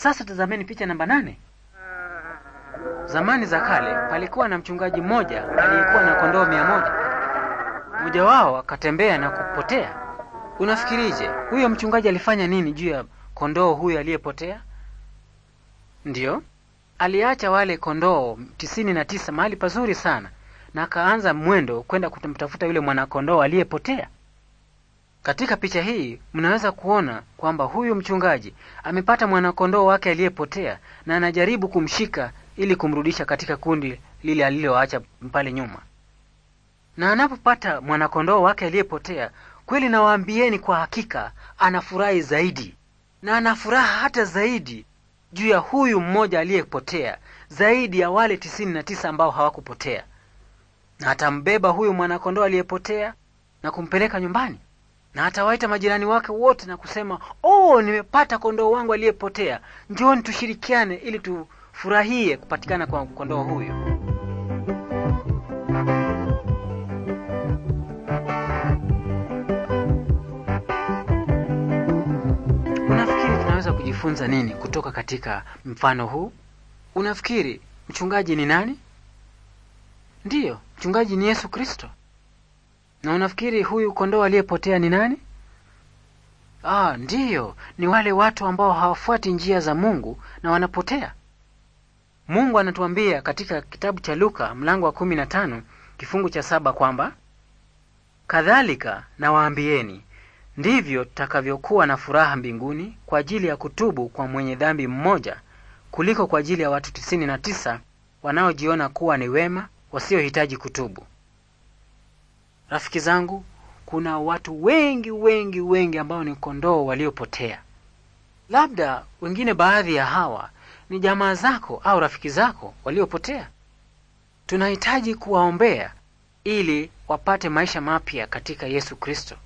Sasa tazameni picha namba nane. Zamani za kale palikuwa na mchungaji mmoja aliyekuwa na kondoo mia moja. Mmoja wao akatembea na kupotea. Unafikirije huyo mchungaji alifanya nini juu ya kondoo huyo aliyepotea? Ndiyo, aliacha wale kondoo tisini na tisa mahali pazuri sana na akaanza mwendo kwenda kumtafuta yule mwanakondoo aliyepotea. Katika picha hii mnaweza kuona kwamba huyu mchungaji amepata mwanakondoo wake aliyepotea na anajaribu kumshika ili kumrudisha katika kundi lile aliloacha pale nyuma. Na anapopata mwanakondoo wake aliyepotea, kweli nawaambieni kwa hakika anafurahi zaidi. Na ana furaha hata zaidi juu ya huyu mmoja aliyepotea zaidi ya wale tisini na tisa ambao hawakupotea. Na atambeba huyu mwanakondoo aliyepotea na kumpeleka nyumbani na atawaita majirani wake wote na kusema oh, nimepata kondoo wangu aliyepotea, njoni tushirikiane ili tufurahie kupatikana kwa kondoo huyo. Unafikiri tunaweza kujifunza nini kutoka katika mfano huu? Unafikiri mchungaji ni nani? Ndiyo, mchungaji ni Yesu Kristo. Na unafikiri huyu kondoo aliyepotea ni nani? Ah, ndiyo, ni wale watu ambao hawafuati njia za Mungu na wanapotea. Mungu anatuambia katika kitabu cha Luka mlango wa kumi na tano kifungu cha saba kwamba kadhalika nawaambieni, ndivyo takavyokuwa na furaha mbinguni kwa ajili ya kutubu kwa mwenye dhambi mmoja kuliko kwa ajili ya watu tisini na tisa wanaojiona kuwa ni wema wasiohitaji kutubu. Rafiki zangu, kuna watu wengi wengi wengi ambao ni kondoo waliopotea. Labda wengine baadhi ya hawa ni jamaa zako au rafiki zako waliopotea. Tunahitaji kuwaombea ili wapate maisha mapya katika Yesu Kristo.